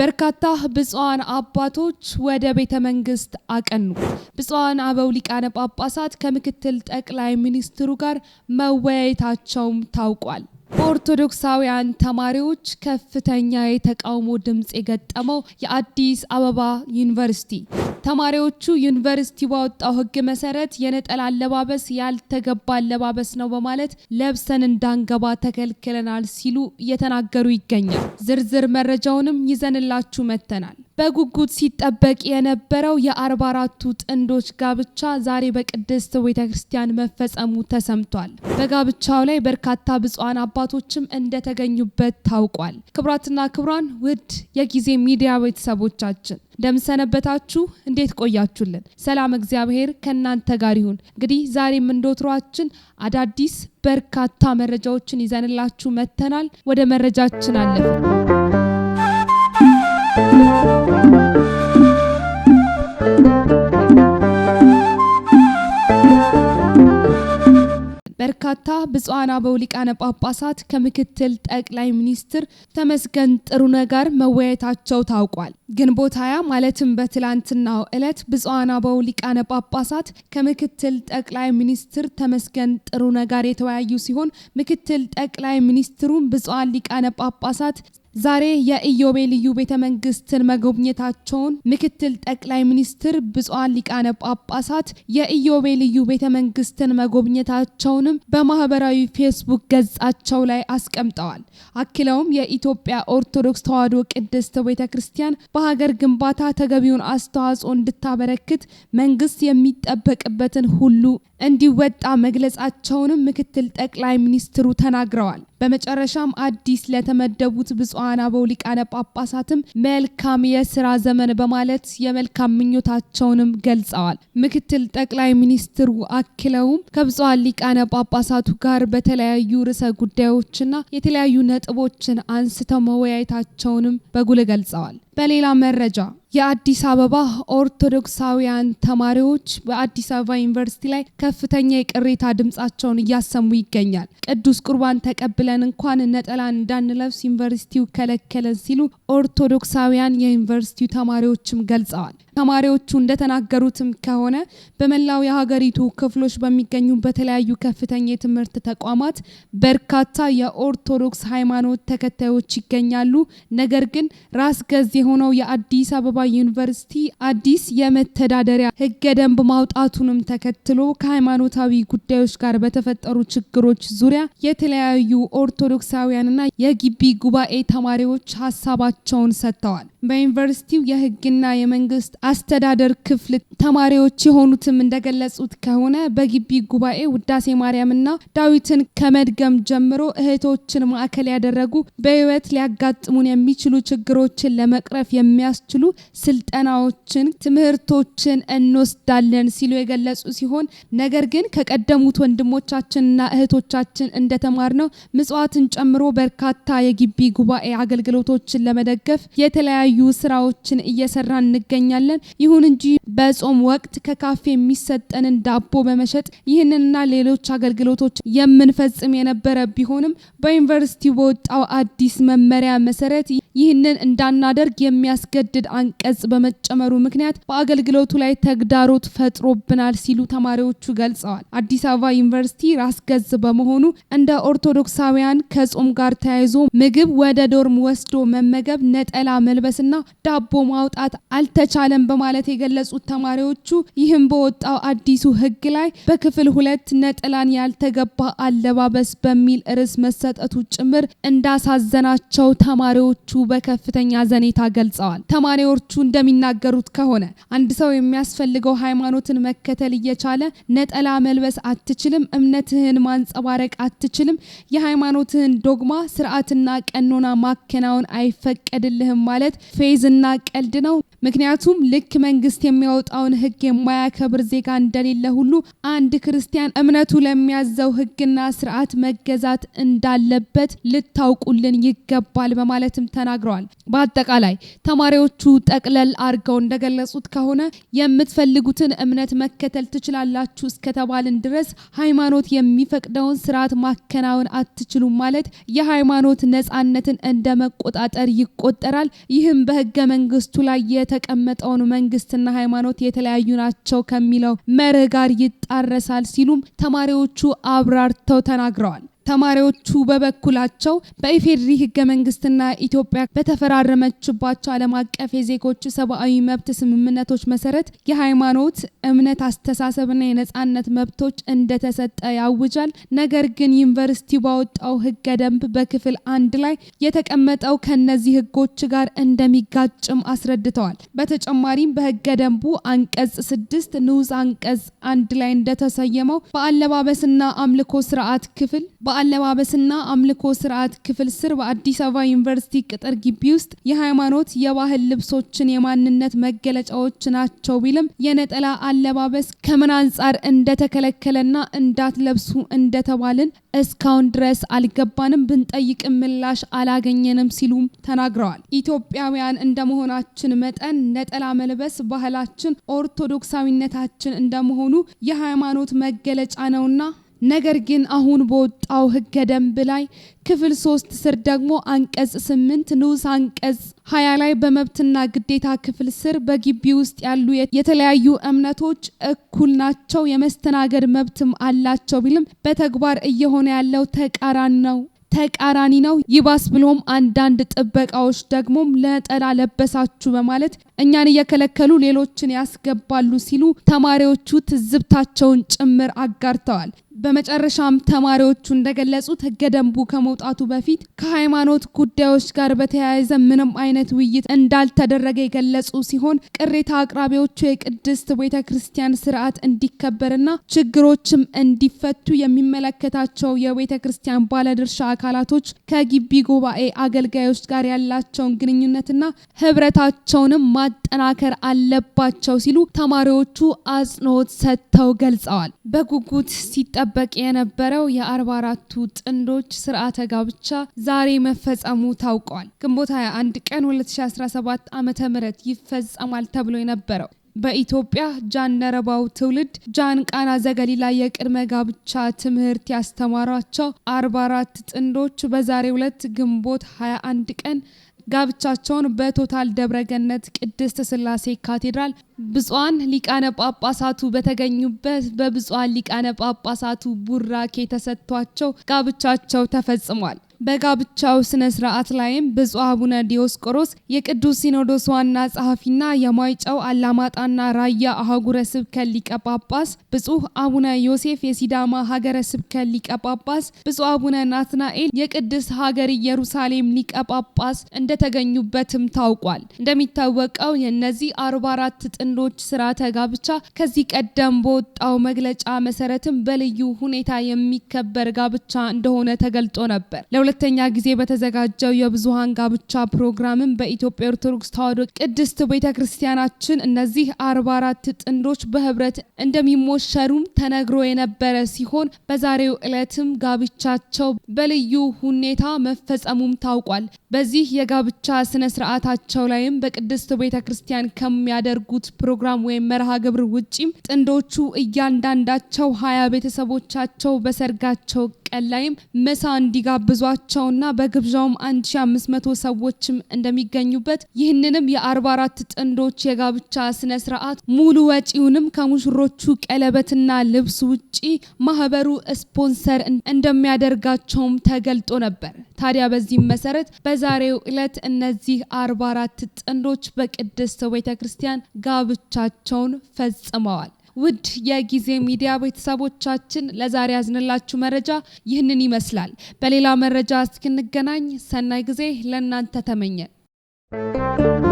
በርካታ ብፁዓን አባቶች ወደ ቤተ መንግስት አቀኑ። ብፁዓን አበው ሊቃነ ጳጳሳት ከምክትል ጠቅላይ ሚኒስትሩ ጋር መወያየታቸውም ታውቋል። በኦርቶዶክሳውያን ተማሪዎች ከፍተኛ የተቃውሞ ድምፅ የገጠመው የአዲስ አበባ ዩኒቨርሲቲ ተማሪዎቹ ዩኒቨርሲቲ ባወጣው ህግ መሰረት የነጠላ አለባበስ ያልተገባ አለባበስ ነው በማለት ለብሰን እንዳንገባ ተከልክለናል ሲሉ እየተናገሩ ይገኛል። ዝርዝር መረጃውንም ይዘንላችሁ መጥተናል። በጉጉት ሲጠበቅ የነበረው የአርባ አራቱ ጥንዶች ጋብቻ ዛሬ በቅድስት ቤተ ክርስቲያን መፈጸሙ ተሰምቷል። በጋብቻው ላይ በርካታ ብፁዓን አባቶችም እንደተገኙበት ታውቋል። ክቡራትና ክቡራን ውድ የጊዜ ሚዲያ ቤተሰቦቻችን እንደምሰነበታችሁ፣ እንዴት ቆያችሁልን? ሰላም እግዚአብሔር ከእናንተ ጋር ይሁን። እንግዲህ ዛሬም እንደወትሯችን አዳዲስ በርካታ መረጃዎችን ይዘንላችሁ መጥተናል። ወደ መረጃችን አለፍን። በርካታ ብፁዓን አበው ሊቃነ ጳጳሳት ከምክትል ጠቅላይ ሚኒስትር ተመስገን ጥሩነ ጋር መወያየታቸው ታውቋል። ግንቦት ሃያ ማለትም በትላንትናው ዕለት ብፁዓን አበው ሊቃነ ጳጳሳት ከምክትል ጠቅላይ ሚኒስትር ተመስገን ጥሩነ ጋር የተወያዩ ሲሆን ምክትል ጠቅላይ ሚኒስትሩም ብፁዓን ሊቃነ ጳጳሳት ዛሬ የኢዮቤ ልዩ ቤተ መንግስትን መጎብኘታቸውን ምክትል ጠቅላይ ሚኒስትር ብፁዓን ሊቃነ ጳጳሳት የኢዮቤ ልዩ ቤተ መንግስትን መጎብኘታቸውንም በማህበራዊ ፌስቡክ ገጻቸው ላይ አስቀምጠዋል። አክለውም የኢትዮጵያ ኦርቶዶክስ ተዋሕዶ ቅድስት ቤተ ክርስቲያን በሀገር ግንባታ ተገቢውን አስተዋጽኦ እንድታበረክት መንግስት የሚጠበቅበትን ሁሉ እንዲወጣ መግለጻቸውንም ምክትል ጠቅላይ ሚኒስትሩ ተናግረዋል። በመጨረሻም አዲስ ለተመደቡት ብፁዓን አበው ሊቃነ ጳጳሳትም መልካም የስራ ዘመን በማለት የመልካም ምኞታቸውንም ገልጸዋል። ምክትል ጠቅላይ ሚኒስትሩ አክለውም ከብፁዓን ሊቃነ ጳጳሳቱ ጋር በተለያዩ ርዕሰ ጉዳዮችና የተለያዩ ነጥቦችን አንስተው መወያየታቸውንም በጉል ገልጸዋል። በሌላ መረጃ የአዲስ አበባ ኦርቶዶክሳውያን ተማሪዎች በአዲስ አበባ ዩኒቨርሲቲ ላይ ከፍተኛ የቅሬታ ድምጻቸውን እያሰሙ ይገኛል። ቅዱስ ቁርባን ተቀብለን እንኳን ነጠላን እንዳንለብስ ዩኒቨርሲቲው ከለከለን ሲሉ ኦርቶዶክሳውያን የዩኒቨርሲቲው ተማሪዎችም ገልጸዋል። ተማሪዎቹ እንደተናገሩትም ከሆነ በመላው የሀገሪቱ ክፍሎች በሚገኙ በተለያዩ ከፍተኛ የትምህርት ተቋማት በርካታ የኦርቶዶክስ ሃይማኖት ተከታዮች ይገኛሉ። ነገር ግን ራስ ገዝ የሆነው የአዲስ አበባ ዩኒቨርሲቲ አዲስ የመተዳደሪያ ህገ ደንብ ማውጣቱንም ተከትሎ ከሃይማኖታዊ ጉዳዮች ጋር በተፈጠሩ ችግሮች ዙሪያ የተለያዩ ኦርቶዶክሳውያንና የግቢ ጉባኤ ተማሪዎች ሀሳባቸውን ሰጥተዋል። በዩኒቨርሲቲው የህግና የመንግስት አስተዳደር ክፍል ተማሪዎች የሆኑትም እንደገለጹት ከሆነ በግቢ ጉባኤ ውዳሴ ማርያምና ዳዊትን ከመድገም ጀምሮ እህቶችን ማዕከል ያደረጉ በህይወት ሊያጋጥሙን የሚችሉ ችግሮችን ለመቅረፍ የሚያስችሉ ስልጠናዎችን፣ ትምህርቶችን እንወስዳለን ሲሉ የገለጹ ሲሆን ነገር ግን ከቀደሙት ወንድሞቻችንና እህቶቻችን እንደተማርነው ምጽዋትን ጨምሮ በርካታ የግቢ ጉባኤ አገልግሎቶችን ለመደገፍ የተለያዩ ስራዎችን እየሰራ እንገኛለን። እንችላለን። ይሁን እንጂ በጾም ወቅት ከካፌ የሚሰጠንን ዳቦ በመሸጥ ይህንንና ሌሎች አገልግሎቶች የምንፈጽም የነበረ ቢሆንም በዩኒቨርሲቲ በወጣው አዲስ መመሪያ መሰረት ይህንን እንዳናደርግ የሚያስገድድ አንቀጽ በመጨመሩ ምክንያት በአገልግሎቱ ላይ ተግዳሮት ፈጥሮብናል ሲሉ ተማሪዎቹ ገልጸዋል። አዲስ አበባ ዩኒቨርሲቲ ራስ ገዝ በመሆኑ እንደ ኦርቶዶክሳውያን ከጾም ጋር ተያይዞ ምግብ ወደ ዶርም ወስዶ መመገብ፣ ነጠላ መልበስና ዳቦ ማውጣት አልተቻለም በማለት የገለጹት ተማሪዎቹ ይህም በወጣው አዲሱ ህግ ላይ በክፍል ሁለት ነጠላን ያልተገባ አለባበስ በሚል ርዕስ መሰጠቱ ጭምር እንዳሳዘናቸው ተማሪዎቹ በከፍተኛ ዘኔታ ገልጸዋል። ተማሪዎቹ እንደሚናገሩት ከሆነ አንድ ሰው የሚያስፈልገው ሃይማኖትን መከተል እየቻለ ነጠላ መልበስ አትችልም፣ እምነትህን ማንጸባረቅ አትችልም፣ የሃይማኖትህን ዶግማ ስርዓትና ቀኖና ማከናወን አይፈቀድልህም ማለት ፌዝና ቀልድ ነው። ምክንያቱም ልክ መንግስት የሚያወጣውን ህግ የማያከብር ዜጋ እንደሌለ ሁሉ አንድ ክርስቲያን እምነቱ ለሚያዘው ህግና ስርዓት መገዛት እንዳለበት ልታውቁልን ይገባል በማለትም ተናግረዋል። በአጠቃላይ ተማሪዎቹ ጠቅለል አድርገው እንደገለጹት ከሆነ የምትፈልጉትን እምነት መከተል ትችላላችሁ እስከተባልን ድረስ ሃይማኖት የሚፈቅደውን ስርዓት ማከናወን አትችሉም ማለት የሃይማኖት ነጻነትን እንደ መቆጣጠር ይቆጠራል። ይህም በህገ መንግስቱ ላይ የተቀመጠውን መንግስትና ሃይማኖት የተለያዩ ናቸው ከሚለው መርህ ጋር ይጣረሳል ሲሉም ተማሪዎቹ አብራርተው ተናግረዋል። ተማሪዎቹ በበኩላቸው በኢፌድሪ ህገ መንግስትና ኢትዮጵያ በተፈራረመችባቸው ዓለም አቀፍ የዜጎች ሰብአዊ መብት ስምምነቶች መሰረት የሃይማኖት እምነት፣ አስተሳሰብና የነጻነት መብቶች እንደተሰጠ ያውጃል። ነገር ግን ዩኒቨርሲቲ ባወጣው ህገ ደንብ በክፍል አንድ ላይ የተቀመጠው ከነዚህ ህጎች ጋር እንደሚጋጭም አስረድተዋል። በተጨማሪም በህገ ደንቡ አንቀጽ ስድስት ንዑስ አንቀጽ አንድ ላይ እንደተሰየመው በአለባበስና አምልኮ ስርዓት ክፍል አለባበስና አምልኮ ስርዓት ክፍል ስር በአዲስ አበባ ዩኒቨርሲቲ ቅጥር ግቢ ውስጥ የሃይማኖት የባህል ልብሶችን የማንነት መገለጫዎች ናቸው ቢልም የነጠላ አለባበስ ከምን አንጻር እንደተከለከለና እንዳትለብሱ እንደተባልን እስካሁን ድረስ አልገባንም፣ ብንጠይቅ ምላሽ አላገኘንም ሲሉም ተናግረዋል። ኢትዮጵያውያን እንደመሆናችን መጠን ነጠላ መልበስ ባህላችን፣ ኦርቶዶክሳዊነታችን እንደመሆኑ የሃይማኖት መገለጫ ነውና ነገር ግን አሁን በወጣው ህገ ደንብ ላይ ክፍል ሶስት ስር ደግሞ አንቀጽ ስምንት ንዑስ አንቀጽ ሀያ ላይ በመብትና ግዴታ ክፍል ስር በግቢ ውስጥ ያሉ የተለያዩ እምነቶች እኩል ናቸው፣ የመስተናገድ መብትም አላቸው ቢልም በተግባር እየሆነ ያለው ተቃራኒ ነው ተቃራኒ ነው። ይባስ ብሎም አንዳንድ ጥበቃዎች ደግሞም ነጠላ ለበሳችሁ በማለት እኛን እየከለከሉ ሌሎችን ያስገባሉ ሲሉ ተማሪዎቹ ትዝብታቸውን ጭምር አጋርተዋል። በመጨረሻም ተማሪዎቹ እንደገለጹት ህገ ደንቡ ከመውጣቱ በፊት ከሃይማኖት ጉዳዮች ጋር በተያያዘ ምንም አይነት ውይይት እንዳልተደረገ የገለጹ ሲሆን ቅሬታ አቅራቢዎቹ የቅድስት ቤተ ክርስቲያን ስርዓት እንዲከበርና ችግሮችም እንዲፈቱ የሚመለከታቸው የቤተ ክርስቲያን ባለድርሻ አካላቶች ከግቢ ጉባኤ አገልጋዮች ጋር ያላቸውን ግንኙነትና ህብረታቸውንም ማ ማጠናከር አለባቸው ሲሉ ተማሪዎቹ አጽንኦት ሰጥተው ገልጸዋል። በጉጉት ሲጠበቅ የነበረው የአርባ አራቱ ጥንዶች ስርዓተ ጋብቻ ዛሬ መፈጸሙ ታውቋል። ግንቦት 21 ቀን 2017 ዓ ም ይፈጸማል ተብሎ የነበረው በኢትዮጵያ ጃንደረባው ትውልድ ጃን ቃና ዘገሊላ የቅድመ ጋብቻ ትምህርት ያስተማሯቸው አርባ ጥንዶች በዛሬው ዕለት ግንቦት 21 ቀን ጋብቻቸውን በቶታል ደብረገነት ቅድስት ስላሴ ካቴድራል ብፁዓን ሊቃነ ጳጳሳቱ በተገኙበት በብፁዓን ሊቃነ ጳጳሳቱ ቡራኬ ተሰጥቷቸው ጋብቻቸው ተፈጽሟል። በጋብቻው ስነ ስርዓት ላይም ብፁዕ አቡነ ዲዮስቆሮስ የቅዱስ ሲኖዶስ ዋና ጸሐፊና የማይጨው አላማጣና ራያ አህጉረ ስብከት ሊቀ ጳጳስ፣ ብፁዕ አቡነ ዮሴፍ የሲዳማ ሀገረ ስብከት ሊቀ ጳጳስ፣ ብፁዕ አቡነ ናትናኤል የቅድስት ሀገር ኢየሩሳሌም ሊቀ ጳጳስ እንደተገኙበትም ታውቋል። እንደሚታወቀው የእነዚህ አርባ አራት ጥንዶች ስርዓተ ጋብቻ ከዚህ ቀደም በወጣው መግለጫ መሰረትም በልዩ ሁኔታ የሚከበር ጋብቻ እንደሆነ ተገልጦ ነበር። ሁለተኛ ጊዜ በተዘጋጀው የብዙሀን ጋብቻ ፕሮግራምም በኢትዮጵያ ኦርቶዶክስ ተዋህዶ ቅድስት ቤተ ክርስቲያናችን እነዚህ አርባ አራት ጥንዶች በህብረት እንደሚሞሸሩም ተነግሮ የነበረ ሲሆን በዛሬው ዕለትም ጋብቻቸው በልዩ ሁኔታ መፈጸሙም ታውቋል። በዚህ የጋብቻ ስነ ስርዓታቸው ላይም በቅድስት ቤተ ክርስቲያን ከሚያደርጉት ፕሮግራም ወይም መርሃ ግብር ውጪም ጥንዶቹ እያንዳንዳቸው ሀያ ቤተሰቦቻቸው በሰርጋቸው ቀን ላይም ምሳ እንዲጋብዟቸውና በግብዣውም 1500 ሰዎችም እንደሚገኙበት ይህንንም የ44 ጥንዶች የጋብቻ ስነ ስርዓት ሙሉ ወጪውንም ከሙሽሮቹ ቀለበትና ልብስ ውጪ ማህበሩ ስፖንሰር እንደሚያደርጋቸውም ተገልጦ ነበር። ታዲያ በዚህም መሰረት በዛሬው ዕለት እነዚህ 44 ጥንዶች በቅድስት ቤተ ክርስቲያን ጋብቻቸውን ፈጽመዋል። ውድ የጊዜ ሚዲያ ቤተሰቦቻችን ለዛሬ ያዝንላችሁ መረጃ ይህንን ይመስላል። በሌላ መረጃ እስክንገናኝ ሰናይ ጊዜ ለእናንተ ተመኘን።